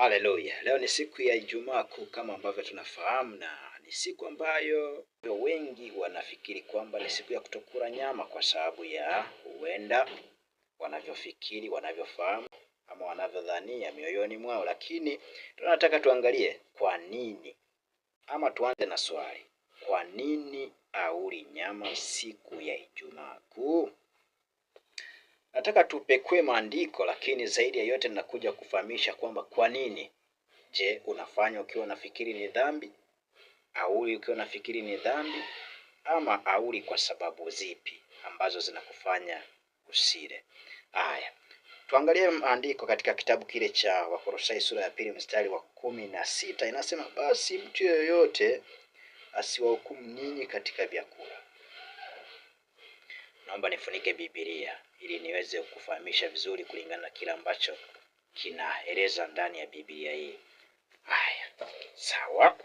Haleluya! Leo ni siku ya Ijumaa Kuu kama ambavyo tunafahamu, na ni siku ambayo wengi wanafikiri kwamba ni siku ya kutokula nyama kwa sababu ya huenda wanavyofikiri, wanavyofahamu ama wanavyodhania mioyoni mwao, lakini tunataka tuangalie kwa nini, ama tuanze na swali, kwa nini auli nyama siku ya Ijumaa Kuu? Nataka tupekue maandiko, lakini zaidi ya yote ninakuja kufahamisha kwamba kwa nini. Je, unafanya ukiwa unafikiri ni dhambi? auli ukiwa unafikiri ni dhambi? Ama auli kwa sababu zipi ambazo zinakufanya usile? Haya, tuangalie maandiko katika kitabu kile cha Wakolosai sura ya pili mstari wa kumi na sita inasema, basi mtu yoyote asiwahukumu ninyi katika vyakula. Naomba nifunike Biblia ili niweze kufahamisha vizuri kulingana na kile ambacho kinaeleza ndani ya Biblia hii. Haya, sawa.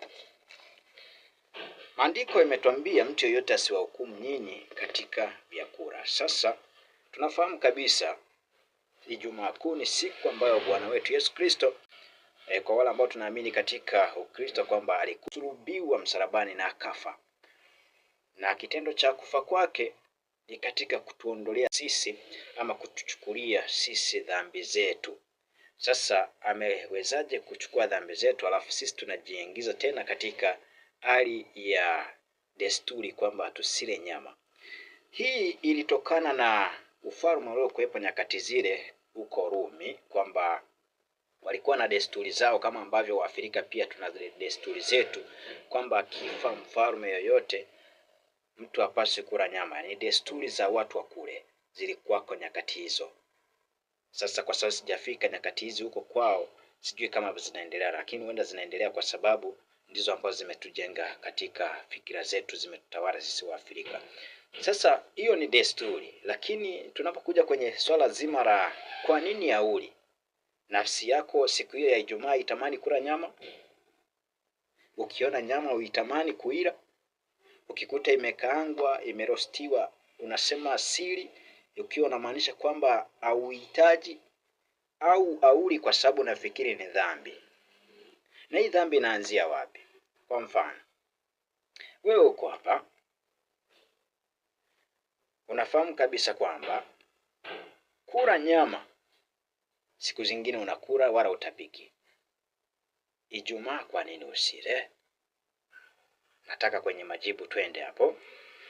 Maandiko yametuambia mtu yeyote asiwahukumu nyinyi katika vyakula. Sasa tunafahamu kabisa Ijumaa Kuu ni siku ambayo Bwana wetu Yesu Kristo e, kwa wale ambao tunaamini katika Ukristo kwamba alikulubiwa msalabani na akafa, na kitendo cha kufa kwake ni katika kutuondolea sisi ama kutuchukulia sisi dhambi zetu. Sasa amewezaje kuchukua dhambi zetu, alafu sisi tunajiingiza tena katika hali ya desturi kwamba tusile nyama? Hii ilitokana na ufalme uliokuwepo nyakati zile huko Rumi, kwamba walikuwa na desturi zao kama ambavyo Waafrika pia tuna desturi zetu, kwamba akifa mfalme yoyote mtu apaswe kula nyama. Ni desturi za watu wa kule zilikuwako nyakati hizo. Sasa kwa sababu sijafika nyakati hizi huko kwao, sijui kama zinaendelea, lakini huenda zinaendelea kwa sababu ndizo ambazo zimetujenga katika fikira zetu, zimetutawala sisi wa Afrika. Sasa hiyo ni desturi, lakini tunapokuja kwenye swala zima la kwa nini yauli, nafsi yako siku hiyo ya Ijumaa itamani kula nyama? Ukiona nyama uitamani kuila? ukikuta imekaangwa, imerostiwa, unasema asili, ukiwa unamaanisha kwamba hauhitaji au auli kwa sababu nafikiri ni dhambi. Na hii dhambi inaanzia wapi? Kwa mfano, wewe uko hapa, unafahamu kabisa kwamba kula nyama siku zingine unakula wala utapiki. Ijumaa kwa nini usile? nataka kwenye majibu twende hapo.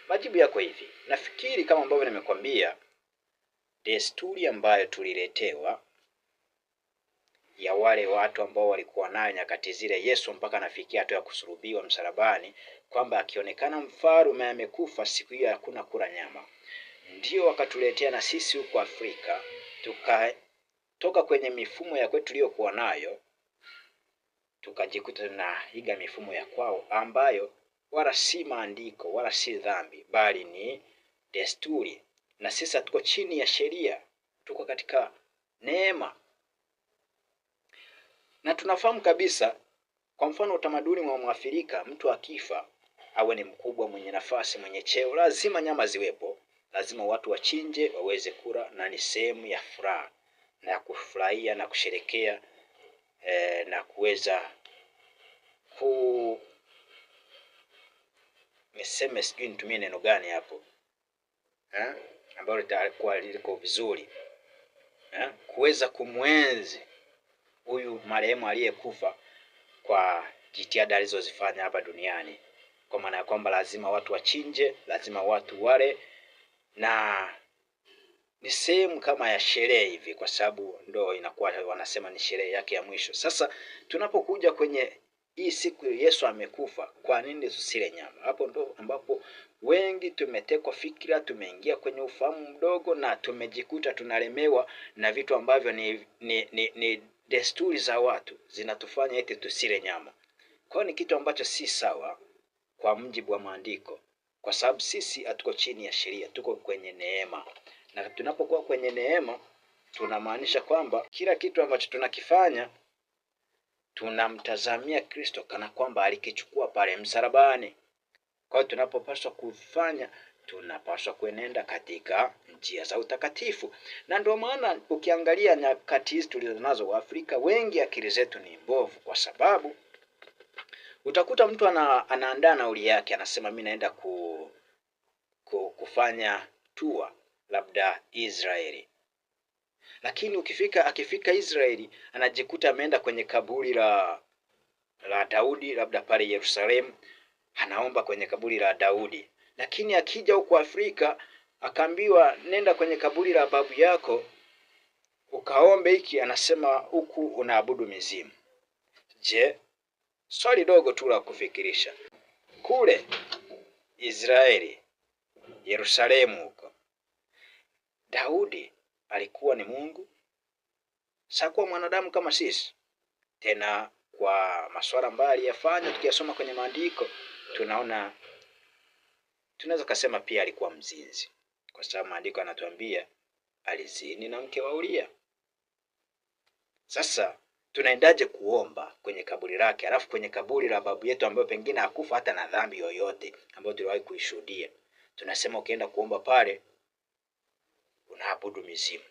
Majibu yako hivi, nafikiri kama ambavyo nimekwambia, desturi ambayo tuliletewa ya wale watu ambao walikuwa nayo nyakati zile, Yesu mpaka anafikia hatua ya kusulubiwa msalabani, kwamba akionekana mfarume amekufa, siku hiyo hakuna kula nyama. Ndio wakatuletea na sisi huko Afrika, tukatoka kwenye mifumo ya kwetu tuliyokuwa nayo, tukajikuta tunaiga mifumo ya kwao ambayo wala si maandiko wala si dhambi, bali ni desturi. Na sisi hatuko chini ya sheria, tuko katika neema, na tunafahamu kabisa. Kwa mfano, utamaduni wa Mwafrika, mtu akifa, awe ni mkubwa, mwenye nafasi, mwenye cheo, lazima nyama ziwepo, lazima watu wachinje waweze kula, na ni sehemu ya furaha na ya kufurahia na kusherekea eh, na kuweza ku niseme sijui nitumie neno gani hapo ambayo eh? ambalo litakuwa liko vizuri eh? kuweza kumwenzi huyu marehemu aliyekufa kwa jitihada alizozifanya hapa duniani, kwa maana ya kwamba lazima watu wachinje, lazima watu wale, na ni sehemu kama ya sherehe hivi, kwa sababu ndo inakuwa wanasema ni sherehe yake ya mwisho. Sasa tunapokuja kwenye hii siku Yesu amekufa, kwa nini tusile nyama? Hapo ndo ambapo wengi tumetekwa fikira, tumeingia kwenye ufahamu mdogo na tumejikuta tunalemewa na vitu ambavyo ni, ni, ni, ni desturi za watu zinatufanya eti tusile nyama. Kwa ni kitu ambacho si sawa kwa mjibu wa maandiko, kwa sababu sisi hatuko chini ya sheria, tuko kwenye neema, na tunapokuwa kwenye neema tunamaanisha kwamba kila kitu ambacho tunakifanya tunamtazamia Kristo kana kwamba alikichukua pale msalabani. Kwa hiyo tunapopaswa kufanya, tunapaswa kuenenda katika njia za utakatifu, na ndio maana ukiangalia nyakati hizi tulizonazo Waafrika wengi akili zetu ni mbovu, kwa sababu utakuta mtu ana, anaandaa nauli yake, anasema mi naenda ku, ku, kufanya tua labda Israeli lakini ukifika akifika Israeli anajikuta ameenda kwenye kaburi la la Daudi, labda pale Yerusalemu, anaomba kwenye kaburi la Daudi. Lakini akija huko Afrika akaambiwa nenda kwenye kaburi la babu yako ukaombe hiki, anasema huku unaabudu mizimu. Je, swali dogo tu la kufikirisha. Kule Israeli Yerusalemu huko Daudi alikuwa ni Mungu, sakuwa mwanadamu kama sisi tena. Kwa masuala ambayo aliyafanya tukiyasoma kwenye maandiko, tunaona tunaweza kusema pia alikuwa mzinzi, kwa sababu maandiko yanatuambia alizini na mke wa Uria. Sasa tunaendaje kuomba kwenye kaburi lake, alafu kwenye kaburi la babu yetu ambayo pengine hakufa hata na dhambi yoyote ambayo tuliwahi kuishuhudia? Tunasema ukienda kuomba pale n'abudumizimu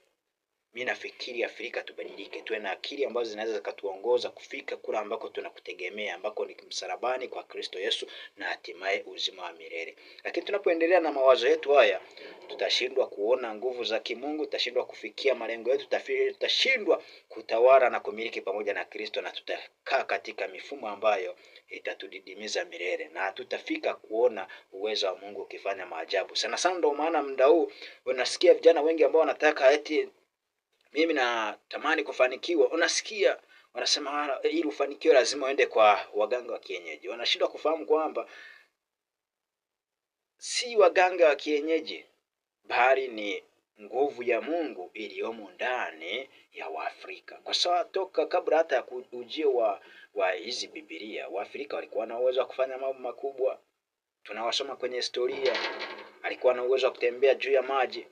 mi nafikiri Afrika tubadilike, tuwe na akili ambazo zinaweza zikatuongoza kufika kule ambako tunakutegemea, ambako ni msalabani kwa Kristo Yesu na hatimaye uzima wa milele. Lakini tunapoendelea na mawazo yetu haya, tutashindwa kuona nguvu za kimungu, tutashindwa kufikia malengo yetu, tutashindwa kutawala na kumiliki pamoja na Kristo, na tutakaa katika mifumo ambayo itatudidimiza milele, na hatutafika kuona uwezo wa Mungu ukifanya maajabu. Sana sana ndio maana muda huu unasikia vijana wengi ambao wanataka eti mimi natamani kufanikiwa. Unasikia wanasema ah, ili ufanikiwe lazima uende kwa waganga wa kienyeji. Wanashindwa kufahamu kwamba si waganga wa kienyeji, bali ni nguvu ya Mungu iliyomo ndani ya Waafrika, kwa sababu toka kabla hata ya ujio wa wa hizi Biblia, Waafrika walikuwa na uwezo wa kufanya mambo makubwa. Tunawasoma kwenye historia, alikuwa na uwezo wa kutembea juu ya maji.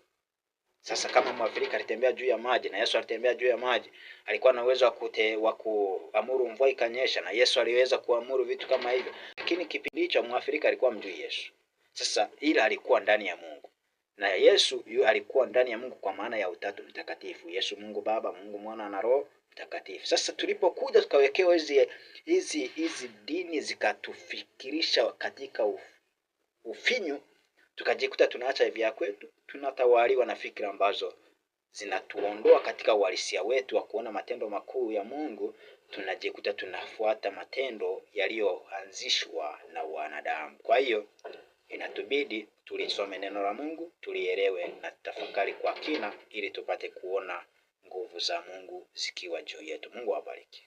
Sasa kama Mwafrika alitembea juu ya maji na Yesu alitembea juu ya maji, alikuwa na uwezo wa kuamuru mvua ikanyesha, na Yesu aliweza kuamuru vitu kama hivyo, lakini kipindi hicho Mwafrika alikuwa mjui Yesu. Sasa ila alikuwa ndani ya Mungu na Yesu yu alikuwa ndani ya Mungu kwa maana ya Utatu Mtakatifu, Yesu Mungu Baba, Mungu Mwana na Roho Mtakatifu. Sasa tulipokuja tukawekewa hizi hizi hizi dini zikatufikirisha katika ufinyu, tukajikuta tunaacha vya kwetu tunatawaliwa na fikra ambazo zinatuondoa katika uhalisia wetu wa kuona matendo makuu ya Mungu. Tunajikuta tunafuata matendo yaliyoanzishwa na wanadamu. Kwa hiyo inatubidi tulisome neno la Mungu, tulielewe na tafakari kwa kina, ili tupate kuona nguvu za Mungu zikiwa juu yetu. Mungu awabariki.